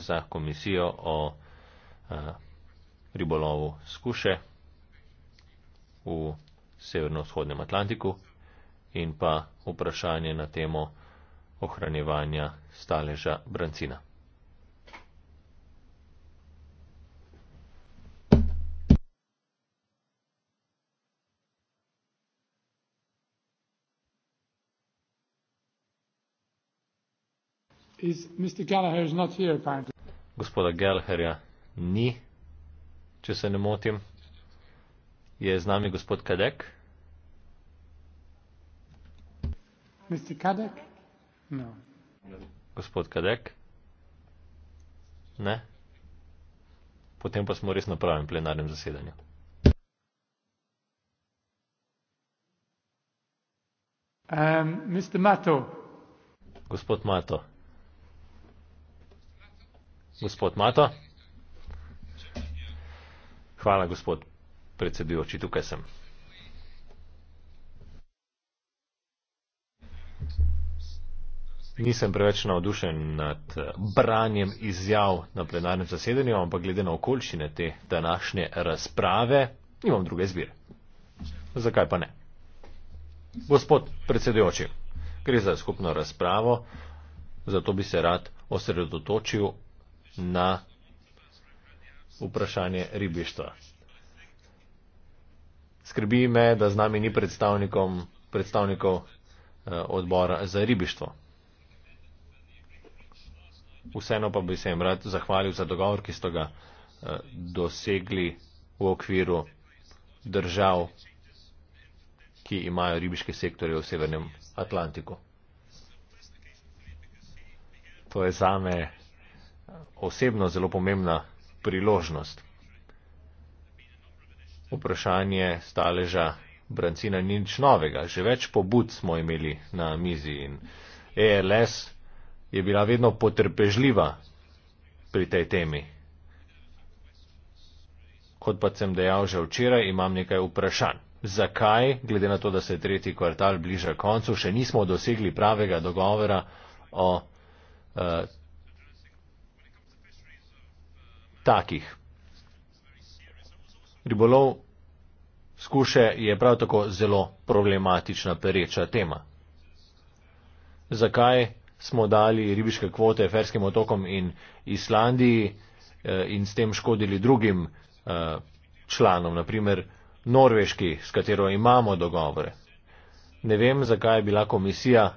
za komisijo o eh, ribolovu skuše v severno-vzhodnem Atlantiku in pa vprašanje na temo ohranjevanja staleža brancina. Is Mr. Gallagher is not here, apparently gospoda Gelherja ni, če se ne motim. Je z nami gospod Kadek? Mr. Kadek? No. Gospod Kadek? Ne? Potem pa smo res na pravem plenarnem zasedanju. Um, Mr. Mato? Gospod Mato? Gospod Mato. Hvala, gospod predsedujoči, tukaj sem. Nisem preveč navdušen nad eh, branjem izjav na plenarnem zasedanju, ampak glede na okoljšine te današnje razprave, nimam druge izbire. Zakaj pa ne? Gospod predsedujoči, gre za skupno razpravo, zato bi se rad osredotočil na vprašanje ribištva. Skrbi me, da z nami ni predstavnikov eh, odbora za ribištvo. Vseeno pa bi se jim rad zahvalil za dogovor, ki ste ga eh, dosegli v okviru držav, ki imajo ribiške sektorje v Severnem Atlantiku. To je zame osebno zelo pomembna priložnost. Vprašanje staleža Brancina ni nič novega. Že več pobud smo imeli na mizi in ELS je bila vedno potrpežljiva pri tej temi. Kot pa sem dejal že včeraj, imam nekaj vprašanj. Zakaj, glede na to, da se tretji kvartal bliža koncu, še nismo dosegli pravega dogovora o eh, takih. Ribolov skuše je prav tako zelo problematična pereča tema. Zakaj smo dali ribiške kvote Ferskim otokom in Islandiji eh, in s tem škodili drugim eh, članom, naprimer Norveški, s katero imamo dogovore? Ne vem, zakaj je bila komisija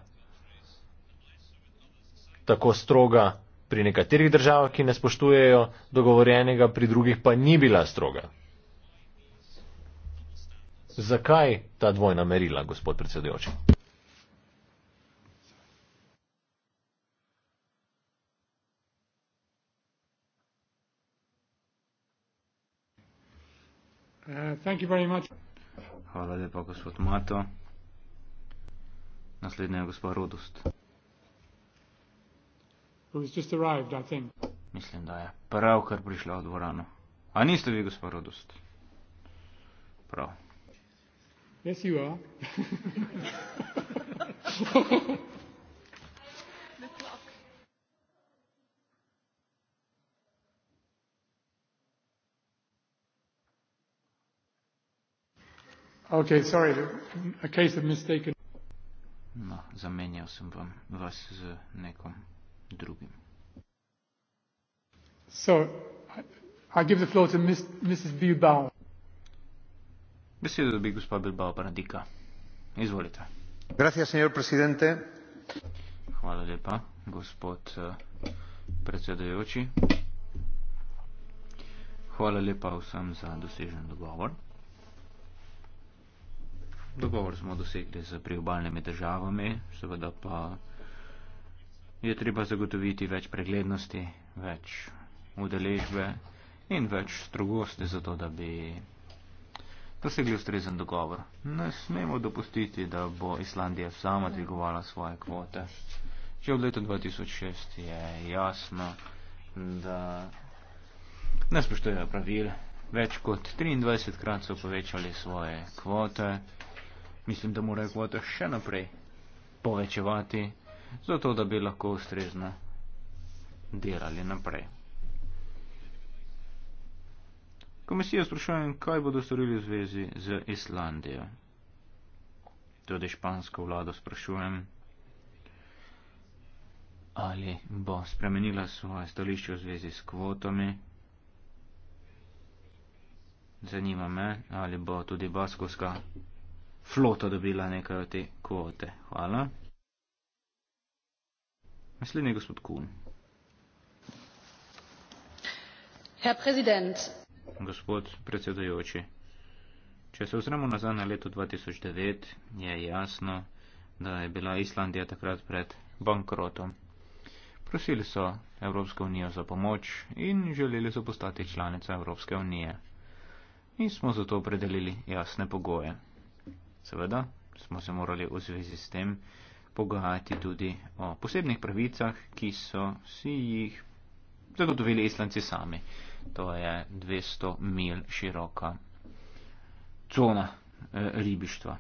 tako stroga pri nekaterih državah, ki ne spoštujejo dogovorjenega, pri drugih pa ni bila stroga. Zakaj ta dvojna merila, gospod predsedujoči? Uh, Hvala lepa, gospod Mato. Naslednja je gospa Rodost. Arrived, Mislim, da je pravkar prišla v dvorano. A niste vi, gospod Rodost? Prav. Yes, okay, sorry, no, zamenjal sem vam vas z nekom drugim. So, I give the floor to Mrs. Bilbao. Besedo dobi gospod Bilbao Paradika. Izvolite. Gracias, señor presidente. Hvala lepa, gospod eh, predsedujoči. Hvala lepa vsem za dosežen dogovor. Dogovor smo dosegli z priobalnimi državami, seveda pa je treba zagotoviti več preglednosti, več udeležbe in več strogosti, zato da bi dosegli ustrezen dogovor. Ne smemo dopustiti, da bo Islandija sama dvigovala svoje kvote. Že od leta 2006 je jasno, da ne spoštujejo pravil. Več kot 23 krat so povečali svoje kvote. Mislim, da morajo kvote še naprej povečevati, zato da bi lahko ustrezno delali naprej. Komisijo sprašujem, kaj bodo storili v zvezi z Islandijo. Tudi špansko vlado sprašujem, ali bo spremenila svoje stališče v zvezi s kvotami. Zanima me, ali bo tudi baskovska flota dobila nekaj od te kvote. Hvala. Naslednji je gospod Kuhn. Herr Präsident. Gospod predsedujoči, če se ozremo nazaj na leto 2009, je jasno, da je bila Islandija takrat pred bankrotom. Prosili so Evropsko unijo za pomoč in želeli so postati članica Evropske unije. In smo zato opredelili jasne pogoje. Seveda smo se morali v zvezi s tem pogajati tudi o posebnih pravicah, ki so si jih zagotovili islanci sami. To je 200 mil široka cona eh, ribištva.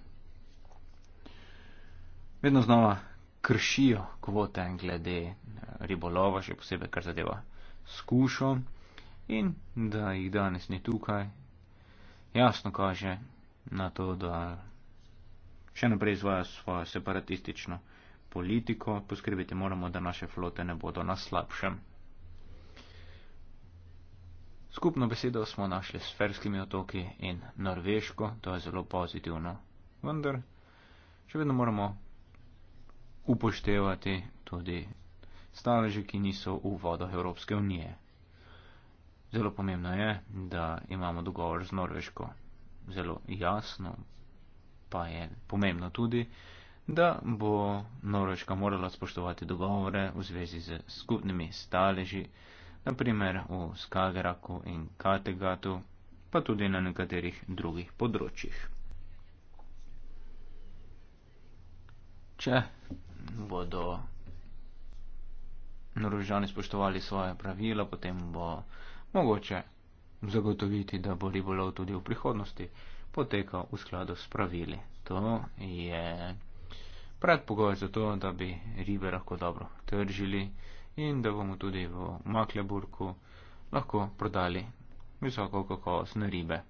Vedno znova kršijo kvote glede eh, ribolova, še posebej kar zadeva skušo in da jih danes ni tukaj, jasno kaže na to, da še naprej izvaja svojo separatistično politiko, poskrbeti moramo, da naše flote ne bodo na slabšem. Skupno besedo smo našli s Ferskimi otoki in Norveško, to je zelo pozitivno, vendar še vedno moramo upoštevati tudi staleže, ki niso v vodah Evropske unije. Zelo pomembno je, da imamo dogovor z Norveško. Zelo jasno, pa je pomembno tudi, da bo Norveška morala spoštovati dogovore v zvezi z skupnimi staleži, naprimer v Skageraku in Kategatu, pa tudi na nekaterih drugih področjih. Če bodo Norvežani spoštovali svoje pravila, potem bo mogoče zagotoviti, da bo ribolov tudi v prihodnosti poteka v skladu s pravili. To je predpogoj za to, da bi ribe lahko dobro tržili in da bomo tudi v Makleburku lahko prodali visoko kakovostne ribe.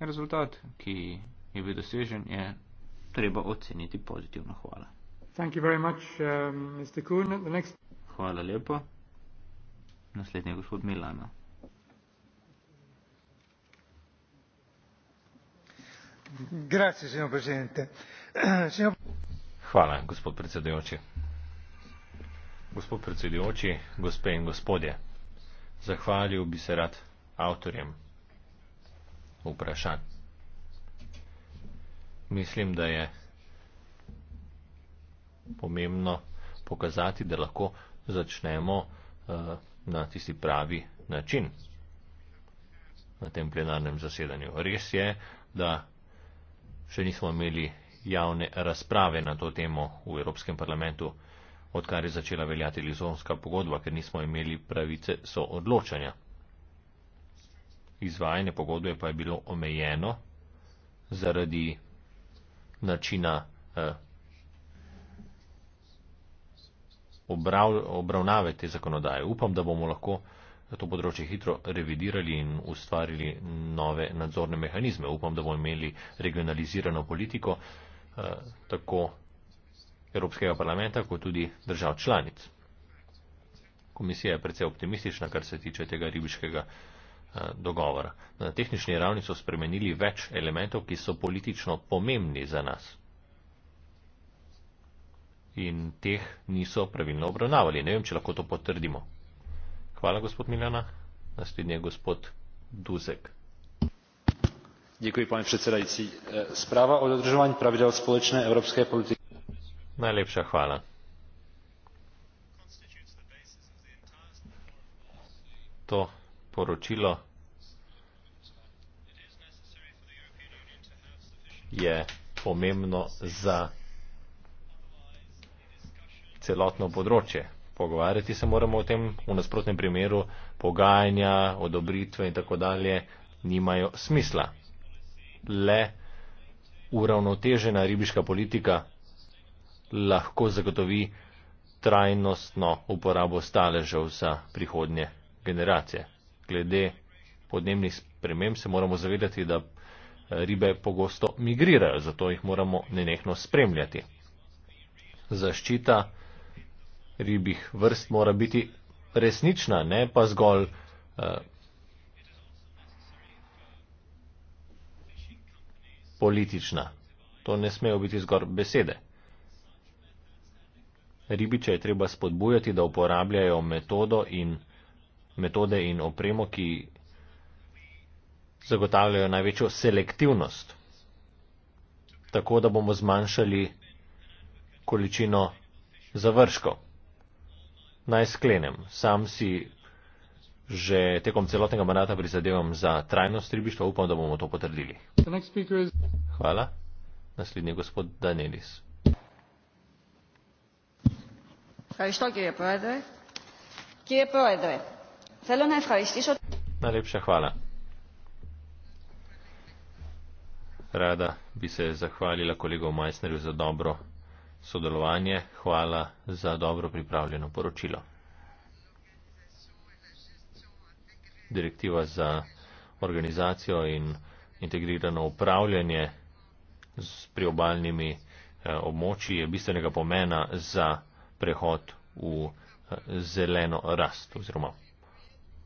Rezultat, ki je bil dosežen, je treba oceniti pozitivno. Hvala. Much, um, Kuhn, next... Hvala lepo. Naslednji je gospod Milano. gospod predsedujoči gospe in gospodje zahvalil bi se rad avtorjem vprašanj mislim da je pomembno pokazati da lahko začnemo uh, na tisti pravi način na tem plenarnem zasedanju res je da še nismo imeli javne razprave na to temo v Evropskem parlamentu, odkar je začela veljati Lizonska pogodba, ker nismo imeli pravice soodločanja. Izvajanje pogodbe pa je bilo omejeno zaradi načina eh, obrav, obravnave te zakonodaje. Upam, da bomo lahko to področje hitro revidirali in ustvarili nove nadzorne mehanizme. Upam, da bomo imeli regionalizirano politiko eh, tako Evropskega parlamenta, kot tudi držav članic. Komisija je predvsej optimistična, kar se tiče tega ribiškega eh, dogovora. Na tehnični ravni so spremenili več elementov, ki so politično pomembni za nas. In teh niso pravilno obravnavali. Ne vem, če lahko to potrdimo. Hvala, gospod Miljana. Naslednji je gospod Duzek. Děkuji, pane předsedající. E, zpráva o dodržování pravidel společné evropské politiky. Najlepša hvala. To poročilo je pomembno za celotno področje pogovarjati se moramo o tem, v nasprotnem primeru pogajanja, odobritve in tako dalje nimajo smisla. Le uravnotežena ribiška politika lahko zagotovi trajnostno uporabo staležev za prihodnje generacije. Glede podnebnih sprememb se moramo zavedati, da ribe pogosto migrirajo, zato jih moramo nenehno spremljati. Zaščita ribih vrst mora biti resnična, ne pa zgolj uh, politična. To ne smejo biti zgor besede. Ribiče je treba spodbujati, da uporabljajo metodo in metode in opremo, ki zagotavljajo največjo selektivnost, tako da bomo zmanjšali količino završkov naj sklenem. Sam si že tekom celotnega mandata prizadevam za trajnost ribištva. Upam, da bomo to potrdili. Hvala. Naslednji je gospod Danelis. Najlepša hvala. Rada bi se zahvalila kolegu Majsnerju za dobro sodelovanje. Hvala za dobro pripravljeno poročilo. Direktiva za organizacijo in integrirano upravljanje s priobaljnimi eh, območji je bistvenega pomena za prehod v eh, zeleno rast oziroma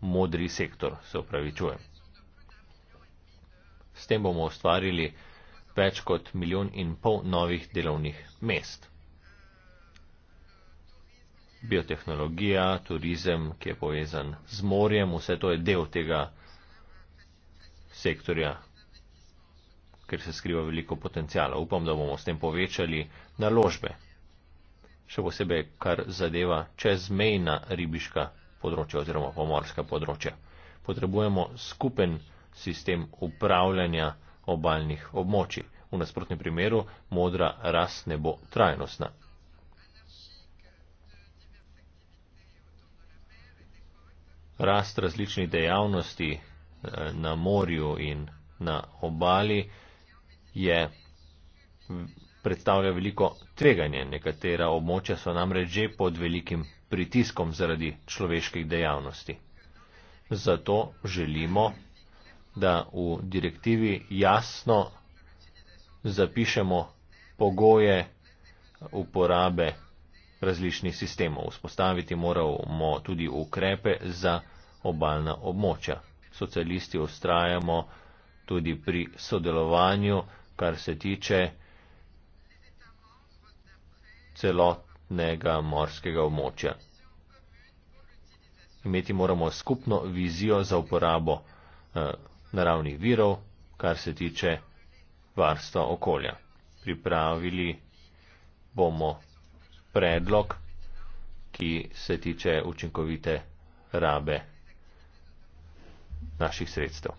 modri sektor, se upravičujem. S tem bomo ustvarili več kot milijon in pol novih delovnih mest. Biotehnologija, turizem, ki je povezan z morjem, vse to je del tega sektorja, ker se skriva veliko potencijala. Upam, da bomo s tem povečali naložbe, še posebej, kar zadeva čezmejna ribiška področja oziroma pomorska področja. Potrebujemo skupen sistem upravljanja obaljnih območij. V nasprotnem primeru modra rast ne bo trajnostna. Rast različnih dejavnosti eh, na morju in na obali je predstavlja veliko tveganje. Nekatera območja so namreč že pod velikim pritiskom zaradi človeških dejavnosti. Zato želimo da v direktivi jasno zapišemo pogoje uporabe različnih sistemov. Vzpostaviti moramo tudi ukrepe za obaljna območja. Socialisti ustrajamo tudi pri sodelovanju, kar se tiče celotnega morskega območja. Imeti moramo skupno vizijo za uporabo eh, naravnih virov, kar se tiče varstva okolja. Pripravili bomo predlog, ki se tiče učinkovite rabe naših sredstev.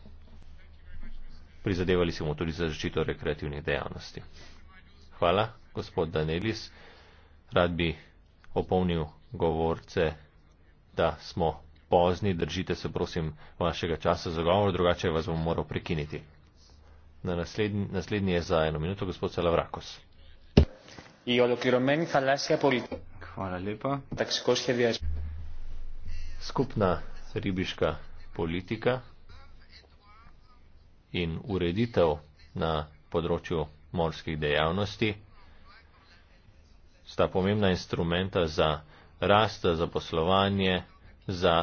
Prizadevali smo tudi za zaščito rekreativnih dejavnosti. Hvala, gospod Danelis. Rad bi opomnil govorce, da smo pozni, držite se prosim vašega časa za govor, drugače vas bom moral prekiniti. Na naslednji, naslednji je za eno minuto gospod Salavrakos. Hvala lepa. Skupna ribiška politika in ureditev na področju morskih dejavnosti sta pomembna instrumenta za rast, za poslovanje, za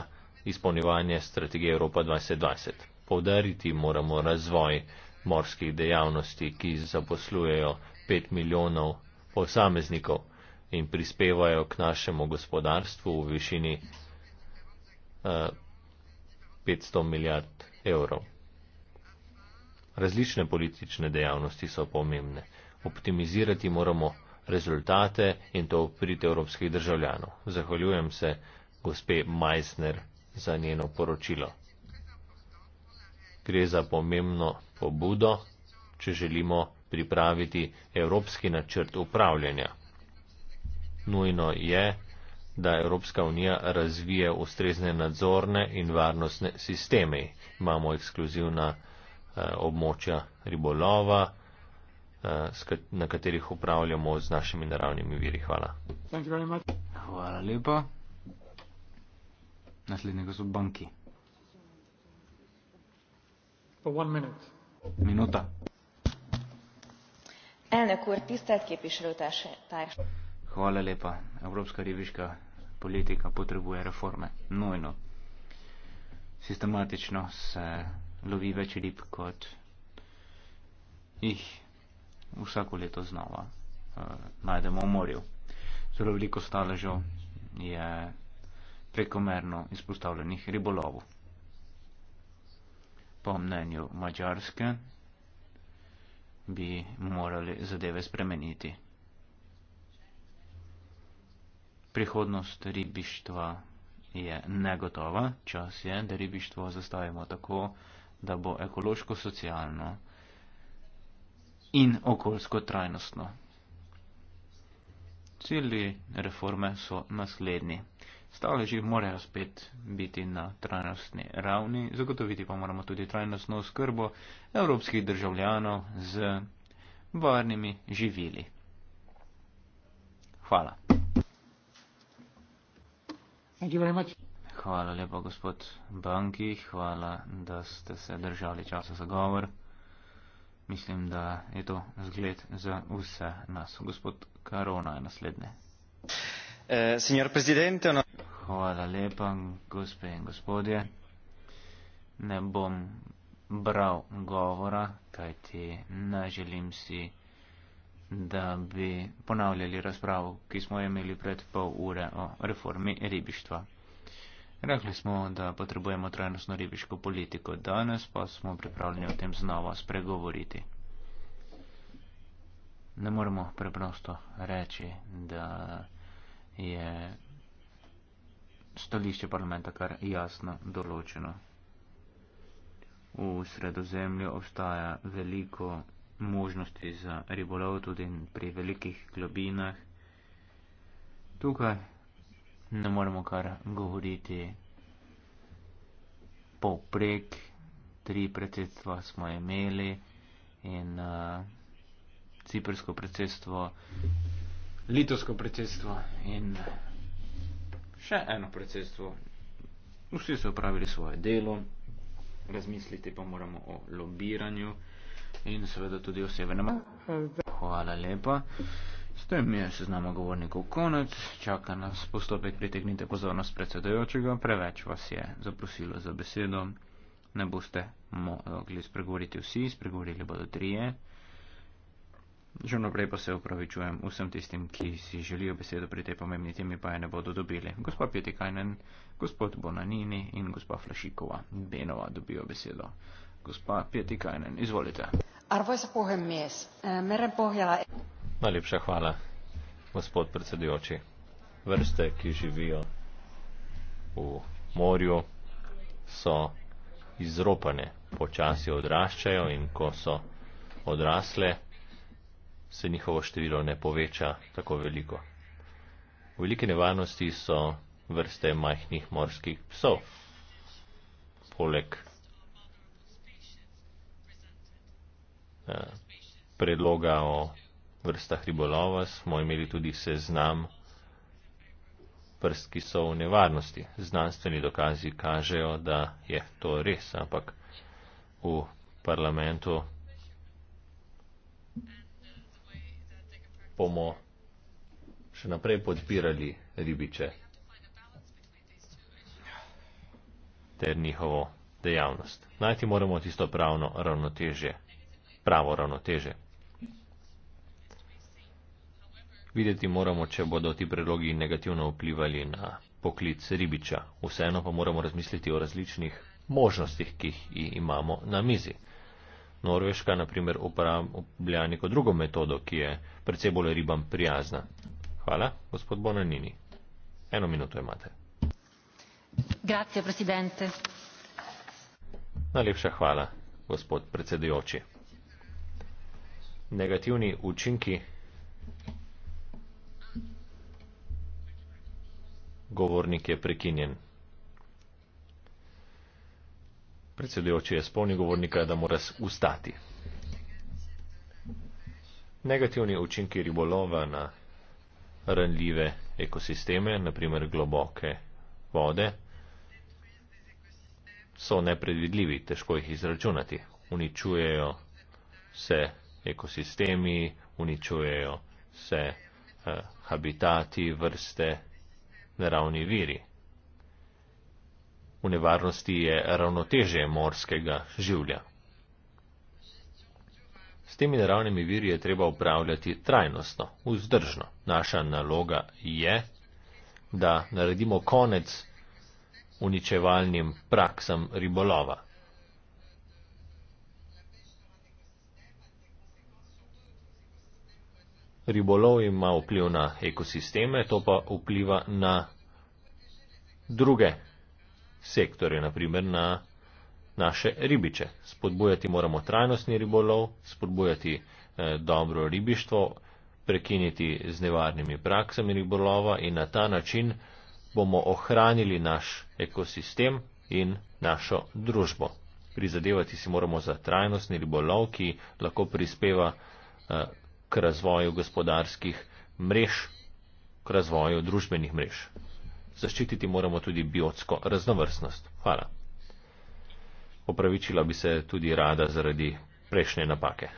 izpolnjevanje strategije Evropa 2020. Povdariti moramo razvoj morskih dejavnosti, ki zaposlujejo 5 milijonov posameznikov in prispevajo k našemu gospodarstvu v višini uh, eh, 500 milijard evrov. Različne politične dejavnosti so pomembne. Optimizirati moramo rezultate in to v prid evropskih državljanov. Zahvaljujem se gospe Meissner za njeno poročilo. Gre za pomembno pobudo, če želimo pripraviti evropski načrt upravljanja. Nujno je, da Evropska unija razvije ustrezne nadzorne in varnostne sisteme. Imamo ekskluzivna eh, območja ribolova, eh, kat na katerih upravljamo z našimi naravnimi viri. Hvala. Hvala lepa. Naslednjega so banki. Minuta. Hvala lepa. Evropska ribiška politika potrebuje reforme. Nujno. Sistematično se lovi več rib, kot jih vsako leto znova uh, najdemo v morju. Zelo veliko staležev je prekomerno izpostavljenih ribolovu. Po mnenju Mačarske bi morali zadeve spremeniti. Prihodnost ribištva je negotova, čas je, da ribištvo zastavimo tako, da bo ekološko, socialno in okoljsko trajnostno. Cilji reforme so naslednji staležih morajo spet biti na trajnostni ravni, zagotoviti pa moramo tudi trajnostno oskrbo evropskih državljanov z varnimi živili. Hvala. Hvala lepa, gospod Banki, hvala, da ste se držali časa za govor. Mislim, da je to zgled za vse nas. Gospod Karona je naslednje. Eh, signor presidente on... hvala lepa gospe in gospodje ne bom bral govora kajti ne želim si da bi ponavljali razpravo ki smo jo imeli pred pol ure o reformi ribištva Rekli smo, da potrebujemo trajnostno ribiško politiko, danes pa smo pripravljeni o tem znova spregovoriti. Ne moremo preprosto reči, da je stališče parlamenta kar jasno določeno. V sredozemlju obstaja veliko možnosti za ribolov tudi pri velikih globinah. Tukaj ne moremo kar govoriti poprek, tri predsedstva smo imeli in uh, ciprsko predsedstvo litovsko predsedstvo in še eno predsedstvo. Vsi so opravili svoje delo, razmisliti pa moramo o lobiranju in seveda tudi o severnem. Hvala lepa. S tem je seznam govornikov konec. Čaka nas postopek, pritegnite pozornost predsedojočega. Preveč vas je zaprosilo za besedo. Ne boste mogli spregovoriti vsi, spregovorili bodo trije. Že naprej pa se upravičujem vsem tistim, ki si želijo besedo pri tej pomembni temi, pa je ne bodo dobili. Gospa Pietikajnen, gospod Bonanini in gospa Flašikova Benova dobijo besedo. Gospa Pietikajnen, izvolite. Eh, Najlepša hvala, gospod predsedujoči. Vrste, ki živijo v morju, so izropane, počasi odraščajo in ko so odrasle, se njihovo število ne poveča tako veliko. V velike nevarnosti so vrste majhnih morskih psov. Poleg eh, predloga o vrstah ribolova smo imeli tudi seznam vrst, ki so v nevarnosti. Znanstveni dokazi kažejo, da je to res, ampak v parlamentu bomo še naprej podpirali ribiče ter njihovo dejavnost. Najti moramo tisto pravno ravnotežje, pravo ravnotežje. Videti moramo, če bodo ti predlogi negativno vplivali na poklic ribiča. Vseeno pa moramo razmisliti o različnih možnostih, ki jih imamo na mizi. Norveška naprimer uporablja neko drugo metodo, ki je predvsej bolj ribam prijazna. Hvala, gospod Bonanini. Eno minuto imate. Grazie, presidente. Najlepša hvala, gospod predsedujoči. Negativni učinki govornik je prekinjen. predsedujoči je spolni govornika, da mora ustati. Negativni učinki ribolova na ranljive ekosisteme, naprimer globoke vode, so nepredvidljivi, težko jih izračunati. Uničujejo se ekosistemi, uničujejo se eh, habitati, vrste, naravni viri. V nevarnosti je ravnotežje morskega življa. S temi naravnimi viri je treba upravljati trajnostno, vzdržno. Naša naloga je, da naredimo konec uničevalnim praksam ribolova. Ribolov ima vpliv na ekosisteme, to pa vpliva na druge sektorje, naprimer na naše ribiče. Spodbujati moramo trajnostni ribolov, spodbujati eh, dobro ribištvo, prekiniti z nevarnimi praksami ribolova in na ta način bomo ohranili naš ekosistem in našo družbo. Prizadevati si moramo za trajnostni ribolov, ki lahko prispeva eh, k razvoju gospodarskih mrež, k razvoju družbenih mrež zaščititi moramo tudi biotsko raznovrstnost. Hvala. Opravičila bi se tudi rada zaradi prejšnje napake.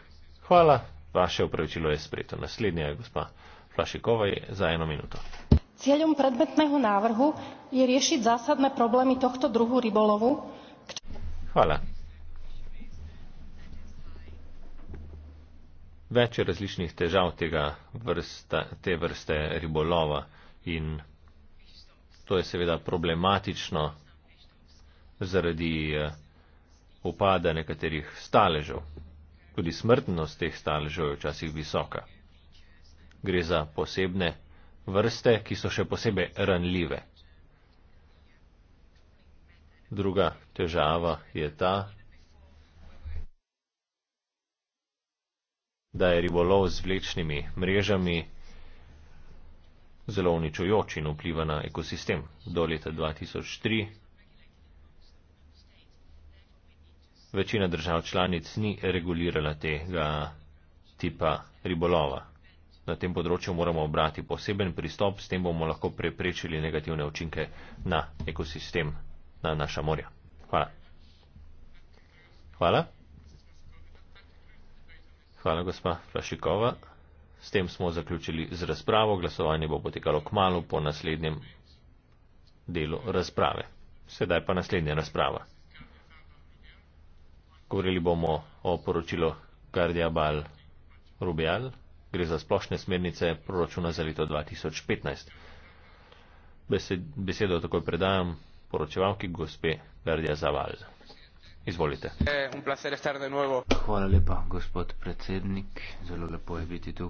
Hvala, vaše opravičilo je spreto. Naslednja je gospa Flašikova za eno minuto. Cieľom predmetného návrhu je riešiť zásadné problémy tohto druhu rybolovu. Hvala. Več je različnih težav tega vrsta, te vrste ribolova in To je seveda problematično zaradi eh, upada nekaterih staležev. Tudi smrtnost teh staležev je včasih visoka. Gre za posebne vrste, ki so še posebej ranljive. Druga težava je ta, da je ribolov z vlečnimi mrežami zelo uničujoč in vpliva na ekosistem. Do leta 2003. Večina držav članic ni regulirala tega tipa ribolova. Na tem področju moramo obrati poseben pristop, s tem bomo lahko preprečili negativne učinke na ekosistem, na naša morja. Hvala. Hvala. Hvala, gospa Flašikova. S tem smo zaključili z razpravo. Glasovanje bo potekalo k malu po naslednjem delu razprave. Sedaj pa naslednja razprava. Govorili bomo o poročilu Gardia Bal Rubial. Gre za splošne smernice proračuna za leto 2015. Besedo takoj predajam poročevalki gospe Gardia Zaval. Izvolite. Eh, Hvala lepa, gospod predsednik. Zelo lepo je biti tukaj.